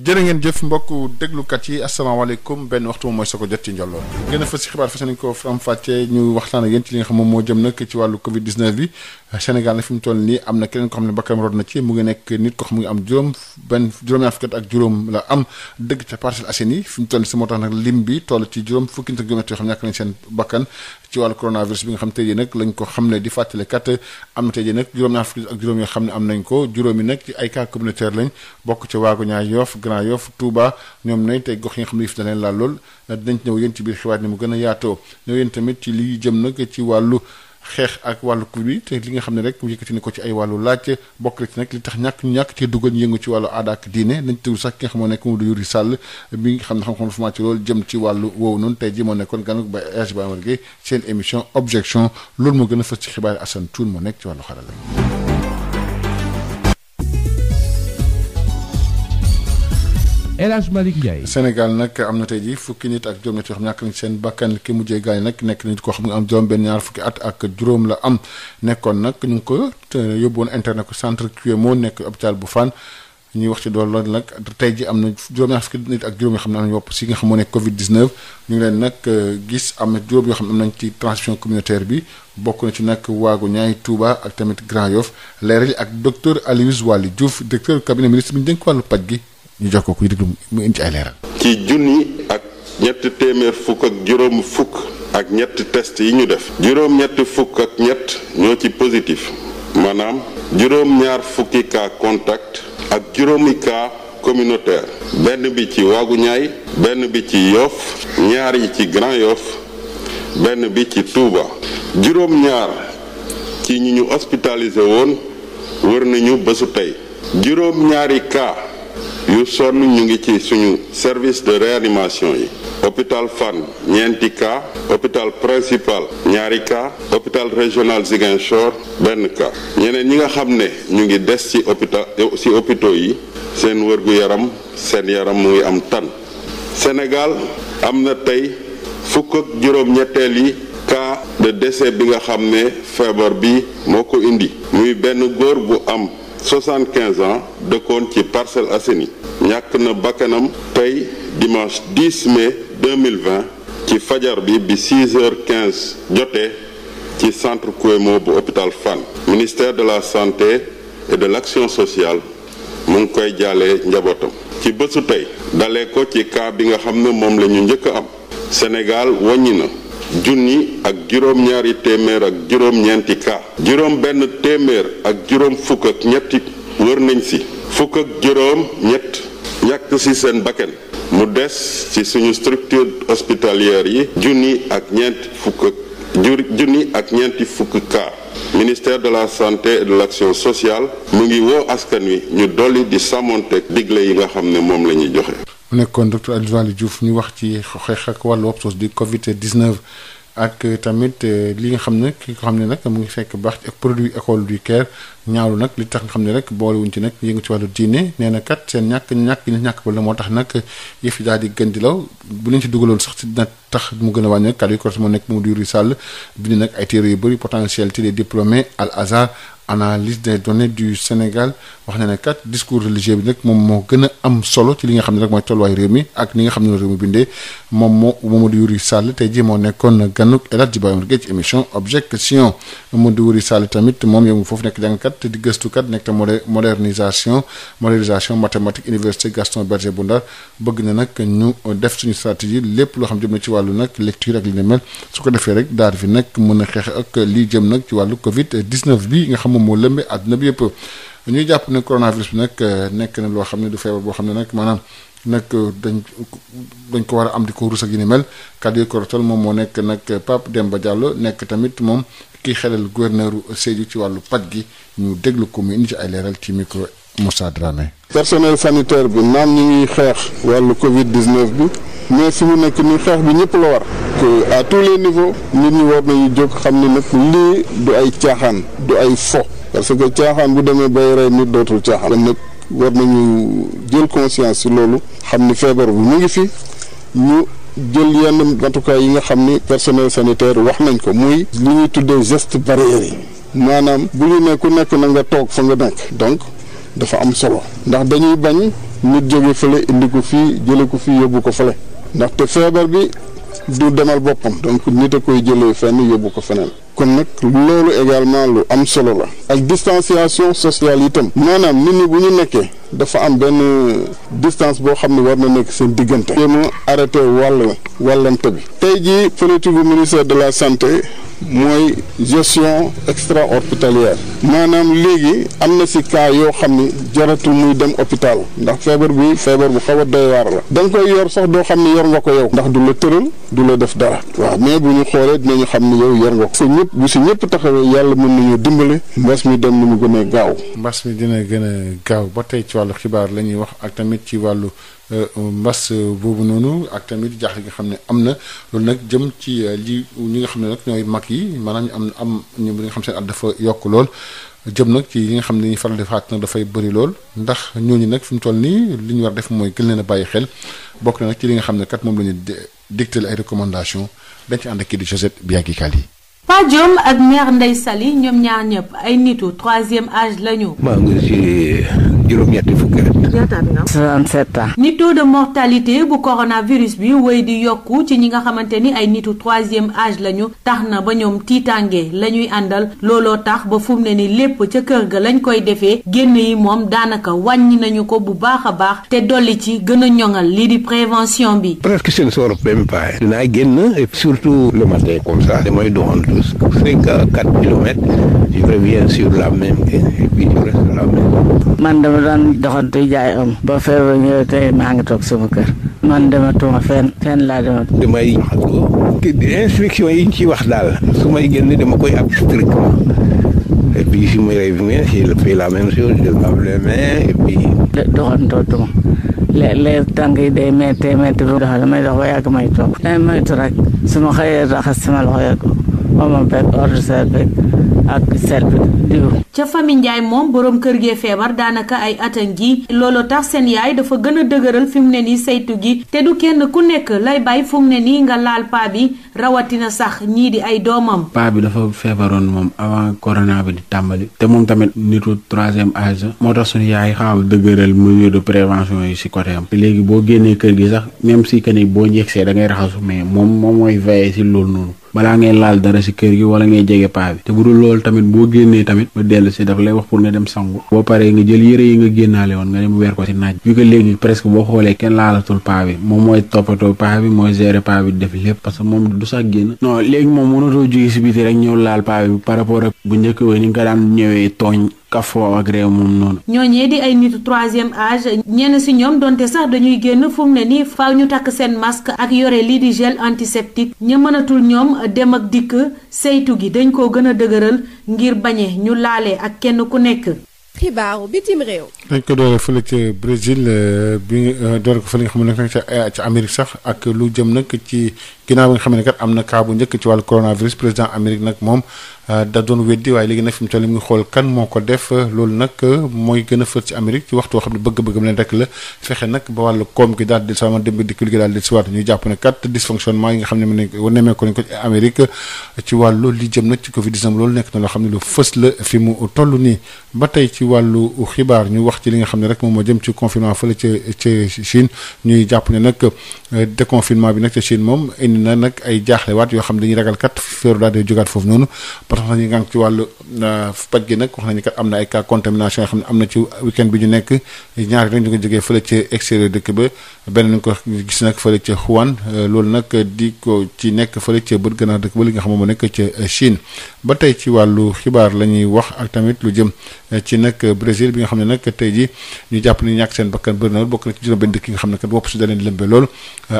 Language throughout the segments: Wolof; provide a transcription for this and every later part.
jërë ngeen jëf mbokk déglukat yi asalaamaaleykum benn waxtu moom mooy soo ko jot ci njolloon gën a fës ci xibaar fas nañ waxtaan ak yéen ci li nga moom moo jëm nag ci wàllu covid 19 bi Sénégal na fi toll nii am na keneen ko xam ne bakkanam rod na ci mu ngi nekk nit ko xam ngi am juróom benn juróom-ñaar fukki ak juróom la am dëgg ca Parcelles Assainies yi fi mu toll nii si moo tax nag lim bi toll ci juróom fukki nit ak juróom yoo xam ñàkk seen bakkan ci wàllu coronavirus bi nga xam ne jii nag lañ ko xam ne di fàttali kat am na tey jii nag juróom-ñaar fukki ak juróom yoo xam ne am nañ ko juróomi nag ci ay cas communautaire lañ bokk ci waago ñaar Yoff Grand Yoff Touba ñoom ne tey gox yi nga xam ne yëf na leen laal lool dinañ ci ñëw yéen ci biir xibaar ni mu gën a yaatoo ñëw yéen tamit ci li jëm nag ci wàllu xeex ak wàllu kur bi te li nga xam ne rek yëkkati na ko ci ay wàllu laajte bokk na ci nag li tax ñàkk ñu ñàkk te dugal yëngu ci wàllu aada ak diine nañ tëgul sax ki nga xam moo nekk Mamadou Yuri Sall bi nga xam ne xam-xam dafa ci loolu jëm ci wàllu woowu noonu tey ji moo nekkoon gan ba ag ba amar seen émission objection loolu moo gën a fës ci xibaari Assane Thioune moo nekk ci wàllu xarala El Hadj Malick Sénégal nag am na tey ji fukki nit ak juróom-ñett yoo xam ñàkk nañ seen bakkan ki mujjee gaañ nag nekk nit koo xam nga am juróom benn ñaar fukki at ak juróom la am nekkoon nag ñu ngi ko yóbboon internet ko centre QMO nekk hôpital bu Fann ñuy wax ci dool loolu tey ji am na juróom-ñaar fukki nit ak juróom xam ne am nañu si nga xam moo nekk covid 19 ñu ngi leen nag euh, gis am na juróom yoo xam ne am nañ ci transmission communautaire bi bokk na ci nag waagu ñaay Touba ak tamit Grand Yoff leeral ak docteur Aloyse Waly Diouf directeur cabinet ministre bi ñu dénk wàllu paj gi ñu mu indi ci ci junni ak ñetti téeméer fukk ak juróom fukk ak ñett test yi ñu def juróom ñetti fukk ak ñett ñoo ci positif maanaam juróom ñaar fukki cas contact ak juróomi cas communautaire benn bi ci waagu ñaay benn bi ci yoof ñaari ci grand yoof benn bi ci Touba juróom ñaar ci ñi ñu hospitalisé woon wër nañu bésu tey juróom ñaari cas yu sonn ñu ngi ci suñu service de réanimation yi hôpital Fann ñeenti cas hôpital principal ñaari cas hôpital régional Ziguinchor benn cas ñeneen ñi nga xam ne ñu ngi des ci hôpital ci hôpitaux yi seen wërgu-yaram seen yaram mu ngi am tan Sénégal am na tey fukk juróom-ñetteel yi cas de décès bi nga xam ne feebar bi moo ko indi muy benn góor bu am 75 ans dëkkoon ci Parcelles Assainies ñàkk na bakkanam tey dimanche 10 mai 2020 ci fajar bi bi 6 heures 15 jotee ci centre Kouémo bu hôpital Fann ministère de la santé et de l'action sociale mu ngi koy jaalee njabootam ci bésu tey dalee ko ci cas bi nga xam ne moom lañu njëkk am Sénégal wàññi na junni ak juróom-ñaari téeméer ak juróom-ñeenti cas juróom benn téeméer ak juróom fukk ak ñetti wër nañ si fukk ak juróom ñett ñàkk ci seen bakkan mu des ci suñu structure hospitalière yi junni ak ñeent fukk ak ñeenti fukk cas ministère de la santé et de l'action sociale mu ngi woo askan wi ñu dolli di sàmmonteeg digle yi nga xam ne moom la ñuy joxe. mu nekkoon docteur Abdoulaye Diouf ñu wax ci xeex ak wàllu wopsos di Covid 19. ak tamit euh, li nga xam ne ki nga xam ne nag mu ngi fekk baax ci produit école du Caire ñaawlu nag li tax nga xam ne rek boolewuñ ci nag yëngu ci wàllu diine nee na kat seen ñàkk ñàkk ñàkk ba la moo tax nag yëf yi daal di gën di law bu leen ci dugaloon sax ci dina tax mu gën a wàññi kàddu yi correspondant nekk Mamadou Yuri Sall bind nag ay téere yu bëri potentialité des diplômés al analyse des données du Sénégal wax na ne kat discours religieux bi nag moom moo gën a am solo ci li nga xam ne nag mooy tolluwaay réew mi ak ni nga xam ne réew mi bindee moom moo Mamadou Yuri Sall tey jii moo nekkoon ganuk El Hadji Babacar Gueye ci émission objection moom yomul di gëstukat nekk te modernisation modernisation mathématique wàllu nag lecture ak li ne mel su ko defee rek daal fi nag mën a xeex ak lii jëm nag ci wàllu Covid 19 bi nga xam moo lëmbee àdduna bi yëpp. ñuy jàpp ne coronavirus bi nag euh, nekk na loo xam ne du feebar boo xam ne nag maanaam nag euh, dañ dañ ko war a am di ko rus ak yi ni mel kàddu yi ko rotal moom moo nekk nag dem ba Diallo nekk tamit moom kii xelal gouverneur Sédhiou ci wàllu paj gi ñu déglu ko mu indi ci ay leeral ci micro Moussa Dramé. personnel sanitaire bi naan ñu bi. mais fi mu nekk nii xeex bi ñëpp la war. que à tous les niveaux nit ñi war nañu jóg xam ne nag lii du ay caaxaan du ay fo parce que caaxaan bu demee bay rey nit dootul caaxaan. kon nag war nañu jël conscience ci loolu xam ni feebar bi mu ngi fi ñu. jël yenn matukaay yi nga xam ni personnel sanitaire wax nañ ko muy li ñuy tuddee geste barrière yi maanaam bu ñu ne ku nekk na nga toog fa nga nekk donc dafa am solo ndax dañuy bañ nit jóge fële indi fii jële ko fii yóbbu ko fële ndaxte feebar bi du demal boppam donc nit a koy jëlee fenn yóbbu ko feneen kon nag loolu également lu am solo la ak distanciation sociale itam maanaam nit ñi bu ñu nekkee dafa am benn distance boo xam ne war na nekk seen diggante. jéem a wàll wàllante bi. tey jii politique bu ministère de la santé. mooy gestion extra-hospitalière maanaam léegi am na si cas yoo xam ni jaratul muy dem hôpital ndax feebar bi feebar bu xaw a doy waar la da koy yor sax doo xam ni yor nga ko yow ndax du la tëral du la def dara waaw mais bu ñu xoolee dinañu xam ni yow yor nga ko si ñëpp bu si ñëpp taxawee yàlla mën nañu dimbale mbas mi dem ni mu gën a gaaw mbas mi dina gën a gaaw ba tey ci wàllu xibaar la ñuy wax ak tamit ci wàllu Euh, euh, mbas euh, boobu noonu ak tamit jaaxle gi nga xam ne am na loolu nag jëm ci li ñu nga xam ne nag ñooy mag yi maanaam ñu am am ñu nga xam seen at dafa yokk lool jëm nag ci yi nga xam ne faral di faat dafay bëri lool ndax ñooñu nag fi mu toll nii li ñu war def mooy gën leen a bàyyi xel bokk na nag ci li nga xam ne kat moom la ñu digteel ay recommandation dañ ci ànd ak kii di Josette Bianchi Kali Pa Diom ak mère Ndeye Saly ñoom ñaar ñëpp ay nitu troisième âge la ñaata at nga am. 67 ans. ni taux de mortalité bu coronavirus bi wéy di yokk ci ñi nga xamante ni ay nitu troisième âge lañu tax na ba ñoom tiitaange la ñuy àndal looloo tax ba fu ne ni lépp ca kër ga lañ koy defee génn yi moom daanaka wàññi nañu ko bu baax a baax te dolli ci gën a ñoŋal lii di prévention bi. presque je ne sors dinaa génn surtout le matin comme ça. damay doxantu cinq à quatre kilomètres et puis je man dama daan doxantu laay am um, ba feebar ñëwee ngi toog sama kër man dematuma fenn fenn laa demat damay instruction yi ñu ciy wax daal su may génn dama koy ab strictement et puis si may revenir c'est le fait la même chose je lave les mains et puis doxantootuma le leer tànk yi day méttee métti ba may toog damay rek su ma xëyee raxas sama loxo moom pek ordinateur beeg ak sel ca famille Ndiaye moom boroom kër gee feebar daanaka ay atan ji loolu tax seen yaay dafa gën a dëgëral fi mu ne nii saytu gi te du kenn ku nekk lay bàyyi fu ne nii nga laal paa bi rawatina sax ñii di ay doomam paa bi dafa feebaroon moom avant corona bi di tàmbali te moom tamit nitu troisième âge moo tax suñu yaay xaaw dëgëral mesure de prévention yi si côté am léegi boo génnee kër gi sax même si que ni boo njegsee da ngay raxasu mais moom moom mooy veiller si loolu noonu balaa ngay laal dara si kër gi wala ngay jege paa bi te bu dul loolu tamit boo génnee tamit ba dellu si daf lay wax pour nga dem sangu boo paree nga jël yére yi nga génnaale woon nga dem weer ko ci naaj bi ko léegi presque boo xoolee kenn laalatul paa bi moom mooy toppatoo paa bi mooy gérer paa bi def lépp parce que moom du sax génn no léegi moom mënatoo juge si biti rek ñëw laal paa bi par rapport ak bu njëkk ni nga daan ñëwee tooñ kafoo ak réew moom noonu. ñooñee di ay nitu troisième âge ñenn si ñoom donte sax dañuy génn fu mu ne nii faaw ñu takk seen masque ak yore li di gel antiseptique ña mënatul ñoom dem ak dikk saytu gi dañ koo gën a dëgëral ngir bañe ñu laale ak kenn ku nekk. xibaaru bitim réew. dañ ko doore fële ca Brésil euh, bi euh, doore ko fële nga xam ne ca euh, ca Amérique sax ak lu jëm nag ci ginnaaw bi nga xam ne kat am na cas njëkk ci wàllu coronavirus président Amérique nag moom euh, da doon weddi waaye léegi nag fi mu moo ko def loolu nag euh, mooy ci Amérique ci xam ne bëgg-bëggam leen rek la fexe ba wàllu koom gi daal di sama démb dikkil gi daal di siwaat ñuy jàpp nekk na loo xam ne lu fës la fi mu toll nii ba tey ci wàllu xibaar ñu wax ci li nga xam ne rek moom moo jëm ci confinement fële ca ca Chine ñuy jàpp ne nag euh, déconfinement bi nag ca Chine moom na nag ay jaaxlewaat yoo xam dañuy ragal kat feeru daal di jógaat foofu noonu parce que ñi nga ci wàllu paj euh, gi nag wax nañu kat am na ay cas contamination yoo xam ne am na ci week-end bi ñu nekk ñaar rek ñu ko jógee fële ca extérieur dëkk ba benn ñu ko gis nag fële ca Wuhan euh, loolu nag di ko ci nekk fële ca bët gannaaw dëkk ba li nga xam moo nekk ca euh, Chine ba tey ci wàllu xibaar la ñuy wax ak tamit lu jëm ci nag Brésil bi nga xam ne nag tey ji ñu jàpp ni ñàkk seen bakkan bëri na bokk na ci juróom benn dëkk yi nga xam ne kat wopp si da leen lëmbe loolu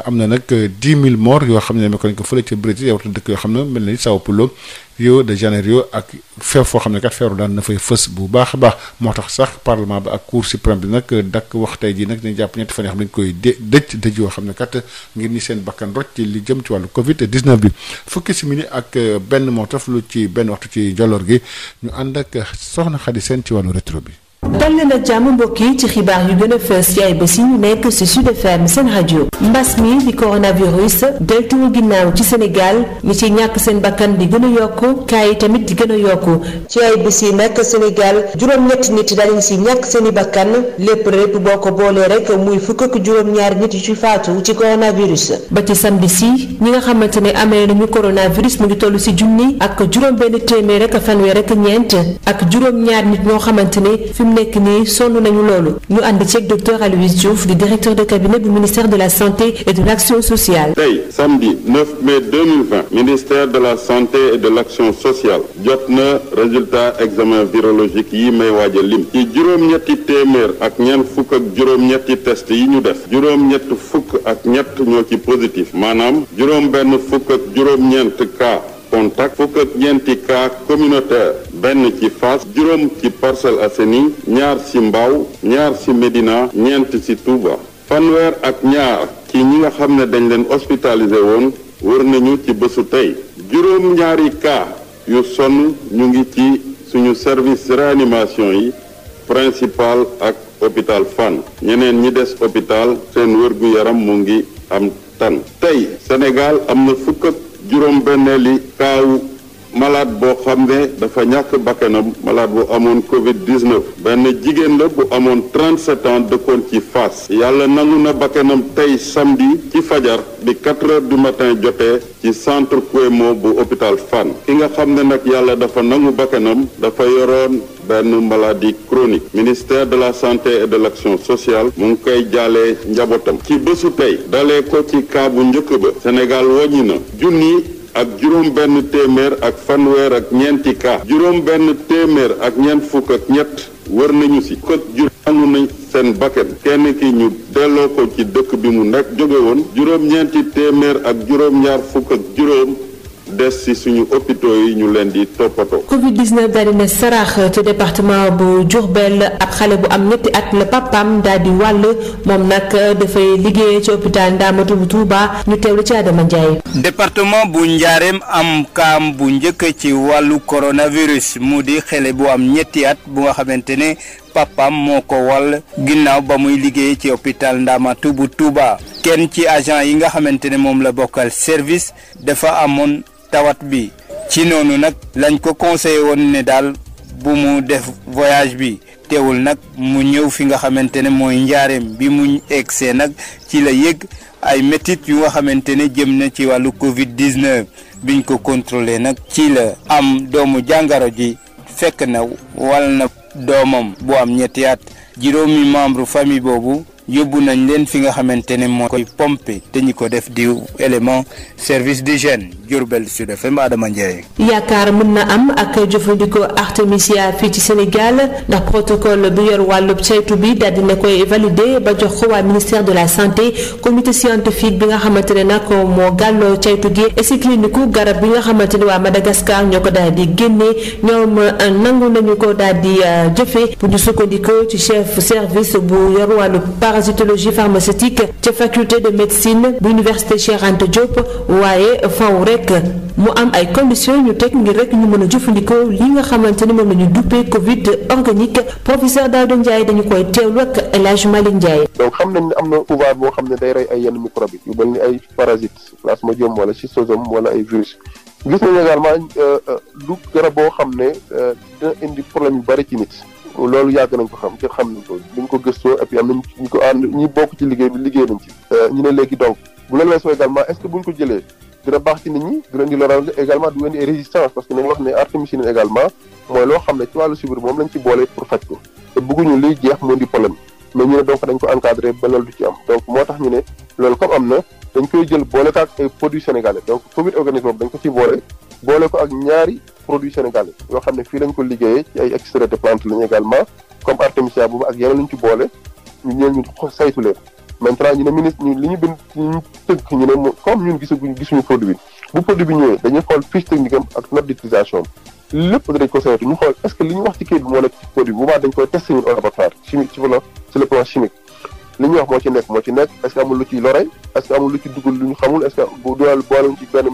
am na nag 10 000 morts xam ne ko nañ ko fële ca Brésil yawata dëkk yoo xam ne mel ni Sao Paulo Rio de Janeiro ak feew foo xam ne kat feeru daan na fay fës bu baax a baax moo tax sax parlement bi ak cour suprême bi nag dakk wax tey jii nag dañu jàpp ñetti fan koy dé dëj dëj yoo xam ne kat ngir ñi seen bakkan roj ci li jëm ci wàllu Covid 19 bi fukki simili ak euh, benn moo taf lu ci benn waxtu ci jolloor gi ñu ànd ak soxna Xadi Seen ci wàllu rétro bi. dal leen jàmm mbokk yi ci xibaar yu gën a fës ci ay bés yi ñu nekk ci Sud FM seen rajo mbas mi di coronavirus deltuwul ginnaaw ci Sénégal ñi ci ñàkk seen bakkan di gën yokk yi gën a yokk ci ay bés yi nag Sénégal juróom-ñetti nit danañ ci ñàkk seen i bakkan lépp lépp boo ko boolee rek muy fukk ak juróom-ñaari nit yu ci faatu ci coronavirus. ba ci samedi si ñi nga xamante ne amee nañu coronavirus mu ngi toll ci junni ak juróom-benn téeméer ak fanweer ak ñeent ak juróom-ñaar nit ñoo mu nekk nii sonn nañu loolu ñu ànd ceeg docteur Aloyse Diouf di directeur de cabinet bu ministère de la santé et de l' action sociale. tey samedi 9 mai 2020 ministère de la santé et de l' sociale jot na résultat examen virologique yi may waaj a lim ci juróom-ñetti téeméer ak ñeent fukk ak juróom-ñetti test yi ñu def juróom-ñett fukk ak ñett ñoo ci positif maanaam juróom-benn fukk ak juróom-ñeent cas contact ñeenti cas communautaire benn ci Fass juróom ci Parcelles Assainies ñaar ci Mbao ñaar ci Médina ñeent ci Touba fanweer ak ñaar ci ñi nga xam ne dañ leen hospitalisé woon wër nañu ci bësu tey juróom ñaari cas yu sonn ñu ngi ci suñu service réanimation yi principal ak hôpital fan ñeneen ñi des hôpital seen wërgu yaram mu ngi am tan tey Sénégal am na fukk juróom benneeli kaawu malade boo xam ne dafa ñàkk bakkanam malade bu amoon Covid 19 benn jigéen la bu amoon trent 37 ans dëkkoon ci Fass yàlla nangu na bakkanam tey samedi ci fajar di 4 heures du matin jotee ci centre Kouemo bu hôpital Fann ki nga xam ne nag yàlla dafa nangu bakkanam dafa yoroon benn maladie chronique ministère de la santé et de l'action sociale mu ngi koy jaalee njabootam ci bésu tey dalee ko ci cas bu njëkk ba Sénégal wàññi na junni ak juróom benn téeméer ak fanweer ak ñeenti cas juróom benn téeméer ak ñeent fukk ak ñett wër nañu si fukk jur àndu nañ seen bakkan kenn ki ñu delloo ko ci dëkk bi mu nekk jóge woon juróom-ñeenti téeméer ak juróom-ñaar fukk ak juróom des si suñu hôpitaux yi ñu leen di toppatoo. Covid 19 daal di ne saraax ci département bu Diourbel ab xale bu am ñetti at la papam daal di wàll moom nag dafay liggéey ci hôpital Ndaamatu bu Touba ñu teewlu ci Adama Ndiaye. département bu Njaareem am kaam bu njëkk ci wàllu coronavirus mu di xale bu am ñetti at bu nga xamante ne papam moo ko wal ginnaaw ba muy liggéey ci hôpital Ndamatu bu Touba kenn ci agent yi nga xamante ne moom la bokkal service dafa amoon tawat bi ci noonu nag lañ ko conseillé woon ne daal bu mu def voyage bi teewul nag mu ñëw fi nga xamante ne mooy njaareem bi mu see nag ci la yëg ay métit yu nga xamante ne jëm na ci wàllu Covid 19 biñ ko contrôlé nag ci la am doomu jàngaro ji fekk na wal na. doomam bu am ñetti at juróomi membre famille boobu yóbbu nañ leen fi nga xamante ne moo koy pompe te ñu ko def di élément service d'hygiène Diourbel Sud FM Adama Ndiaye. yaakaar mën na am ak jëfandikoo artemisia fii ci Sénégal ndax protocole bi yor wàllub saytu bi daal dina koy valider ba jox ko waa ministère de la santé comité scientifique bi nga xamante ne nag moo gàlloo saytu gi essai clinique garab bi nga xamante ne waa Madagascar ñoo ko daal di ñoom euh, nangu nañu ko daal di euh, jëfe bu ñu sukkandikoo ci chef service bu yor parasitologie pharmaceutique ca faculté de médecine bu université Cheikh Anta Diop waaye faw rek mu am ay conditions ñu teg ngir rek ñu mën a jëfandikoo li nga xamante ni moom la ñu duppee Covid organique professeur Daouda Ndiaye dañu koy teewlu ak El Hadj Malick Ndiaye. donc xam nañ ne am na pouvoir boo xam ne day rey ay yenn microbes yu mel ni ay parasites plasmodium wala schistosome wala ay virus. gis nañu également lu euh, euh, garab boo xam ne euh, dina indi problème yu bari ci nit. loolu yàgg nañ ko xam te xam nañ ko buñ ko gëstoo et am nañ ñi bokk ci liggéey bi liggéey nañ ci euh, ñu ne léegi donc bu loolu weesoo également est ce que buñ ko jëlee dina baax ci nit ñi dina indi lorange également du indi résistance parce que nañ wax ne artémisinin également mooy loo xam ne ci wàllu subir moom lañ ci boole pour faj ko te bëgguñu liy jeex moo di problème mais ñu ne donc dañ ko encadré ba loolu ci am donc moo tax ñu ne loolu comme na dañ koy jël boole ak ay produits sénégalais donc covid organisme ko ci boole ko ak ñaari produits sénégalais yoo xam ne fii lañ ko liggéeyee ci ay extrait de plante lañu également comme artemisia boobu ak yeneen lañ ci boole ñu ñëw ñu saytu leen maintenant ñu ne ministre ñu li ñu bind ñu tëgg ñu ne comme ñun gisaguñ gisuñu produit bi bu produit bi ñëwee dañuy xool fiche technique am ak note d'utilisation lépp dinañ ko saytu ñu xool est-ce que li ñu wax ci kayit bi moo nekk ci produit bu baax dañ koy testé ñun ci la le plan chimique li ñuy wax moo ci nekk moo ci nekk est amul lu ci lore est-ce que amul lu ci dugal lu ñu xamul est-ce que bu dool boo xam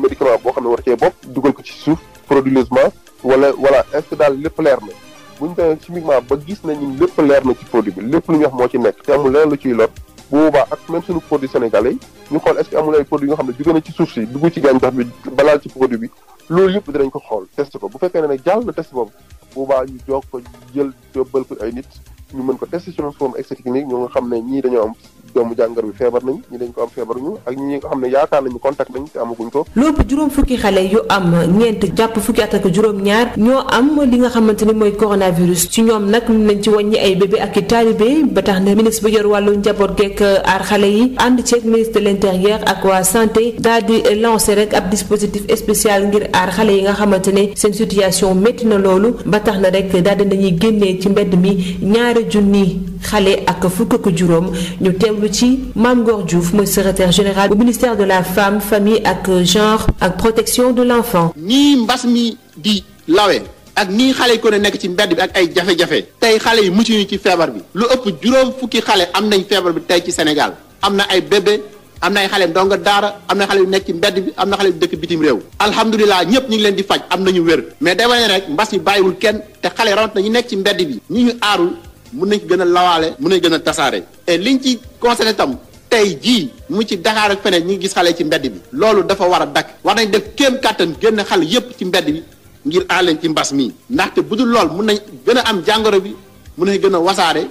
ne war cee bopp dugal ko ci suuf frauduleusement wala voilà est-ce que daal lépp leer na bu ñu demee chimiquement ba gis nañu lépp leer na ci produit bi lépp lu ñuy wax moo ci nekk te amul leneen lu ciy lor bu boobaa ak même suñu produit sénégalais ñu xool est-ce que amul ay produits yoo xam ne jóge ci suuf si dugg ci gàncax bi balaal ci produit bi loolu yëpp dinañ ko xool test ko bu fekkee ne nag jàll na boobu boobaa ñu joog ko jël jóbbal ko ay nit ñu mën ko tester ci transforme extra clinique ñu nga xam ne ñii dañoo am doomu jàngar bi feebar nañ ñi dañ ko am feebaruñu ak ñi nga xam ne yaakaar nañu contact nañ te amaguñ ko loolu juróom fukki xale yu am ñeent jàpp fukki at ak juróom ñaar ñoo am li nga xamante ne mooy coronavirus ci ñoom nag mun nañ ci wàññi ay bébé ak i taalibe ba tax na ministre bu yor wàllu njaboot geek euh, aar xale yi ànd ceeg ministre de l'intérieur ak waa santé daal di lancé rek ab dispositif spécial ngir aar xale yi nga xamante ne seen situation métti na loolu ba tax na rek daal di génnee ci mbedd mi ñaari junni xale ak fukk ak juróom ñu teewlu ci maam Ngor Diouf mooy secretaire général bu ministère de la femme famille ak genre ak protection de l'enfant nii mbas mi di lawe ak nii xale yi ko nekk ci mbedd bi ak ay jafe-jafe tey xale yu mucc ñu ci feebar bi lu ëpp juróom fukki xale am nañ feebar bi tey ci Sénégal am na ay bébé am na ay xale ndongo daara am na xale yu nekk ci mbedd bi am na xale yu dëkk bitim réew alhamdulilah ñëpp ñu ngi leen di faj am nañu wér mais day rek mbas mi bàyyiwul kenn te xale rawat na ñu nekk ci mbedd bi ñi ñu aarul mun nañ gën a lawaale mun nañ gën a tasaare et liñ ci constaté tam tey jii mu ci Dakar ak feneen ñu ngi gis xale ci mbedd bi loolu dafa war a dakk war nañ def kéem kàttan génn xal yépp ci mbedd bi ngir aar ci mbas mi ndaxte bu dul lool mun nañ gën a am jàngoro bi mun nañ gën a wasaare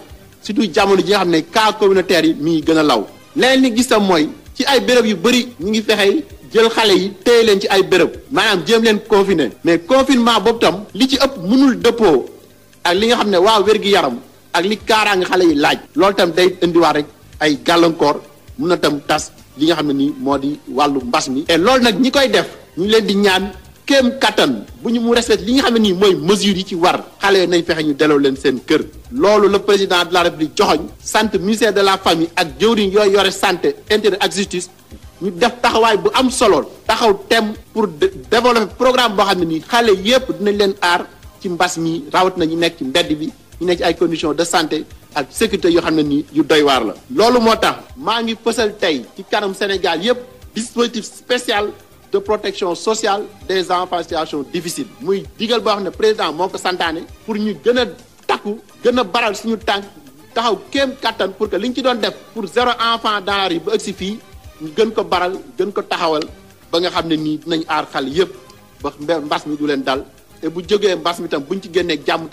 surtout jamono ji nga xam ne cas communautaire yi mi gën a law leneen li gis tam mooy ci ay béréb yu bëri ñu ngi fexe jël xale yi téye leen ci ay béréb maanaam jéem leen confiner mais confinement boobu tam li ci ëpp mënul dëppoo ak li nga xam ne waa wér-gi-yaram ak li kaaraange xale yi laaj loolu tam day indiwaat rek ay gàllankoor mun na tam tas li nga xam ne nii moo di wàllu mbas mi loolu nag ñi koy def ñu leen di ñaan kéem kattan bu ñu mu respecté li nga xam ne nii mooy mesures yi ci war xale yi nañ fexe ñu delloo leen seen kër loolu la président de la république joxoñ sant ministère de la famille ak jëwriñ yooyu yore santé intérieur ak justice ñu def taxawaay bu am solo taxaw tem pour développer programme boo xam ne nii xale yépp dinañ leen aar ci mbas mi rawat na ñu nekk ci mbedd bi ñu nekk ci ay conditions de santé ak sécurité yoo xam ne nii yu doy waar la. loolu moo tax maa ngi fësal tey ci kanam Sénégal yëpp dispositif spécial de protection sociale des enfants en situation difficile muy digal boo xam ne président moo ko santaane pour ñu gën a takku gën a baral suñu tànk taxaw kéem kattan pour que li ñu ci doon def pour zéro enfant dans la rue ba ëgg si fii ñu gën ko baral gën ko taxawal ba nga xam ne nii dinañ aar xale yëpp ba mbas mi du leen dal bu jógee mbas mi tam ci génnee jàmm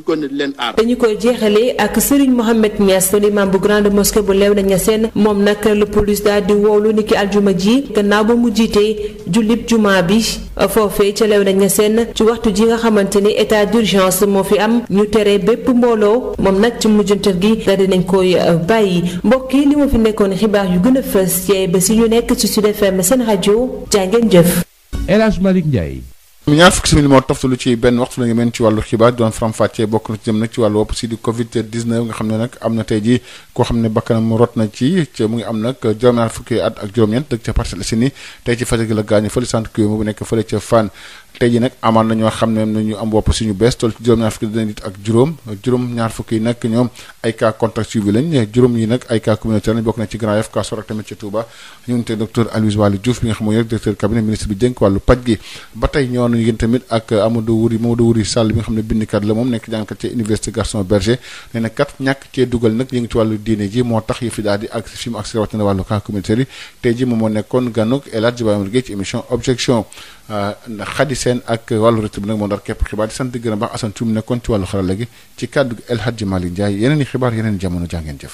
kon leen aar. dañu koy jeexalee ak Serigne Mohamed Niass imam bu grande mosquée bu Léona Niassène moom nag la police daal di woolu niki aljuma ji gannaaw ba mu jiitee jullib juma bi foofee ca Léona Niassène ci waxtu ji nga xamante ni état d'urgence moo fi am ñu tere bépp mbooloo moom nag ci mujjantal gi daal dinañ koy euh, bàyyi mbokk yi li ma fi nekkoon xibaar yu gën a fës ci ba si ñu nekk ci Sud FM seen rajo jaa ngeen jëf. El Hadj Malick Ndiaye. ñaar fukki simili moo toftalu ci benn waxtu la ñu ci wàllu xibaar doon faram-fàccee bokk na ci jëm nag ci wàllu wopp si di covid 19 nga xam ne nag am na tey ji koo xam ne bakkanam rot na ci ca mu ngi am nag juróom-ñaar fukki at ak juróom-ñeent dëkk ca Parcelles Assainies tey ci fajar gi la gaañu fële centre Keur bu nekk fële ca Fann tey ji nag amaan na ñoo xam ne ñu am wopp suñu bees toll ci juróom-ñaar fukki nag ñoom ay cas contact suivi lañ juróom yi nag ay cas communautaire lañ bokk na ci Grand Yoff Kasor ak tamit ne bindkat la moom nekk jàngkat na kat ñàkk cee dugal moo tax yi fi daal cas communautaire yi tey ji moom moo nekkoon ganuk El Hadj Ibrahima ci émission objection ah, xadis seen ak wàllu rëtt bi nag moo ndar képp xibaar di sant di gërëm baax Assane Thioum nekkoon ci wàllu xarala gi ci kàddu gi El Hadji Malick Ndiaye yeneen i xibaar yeneen jamono jàngeen jëf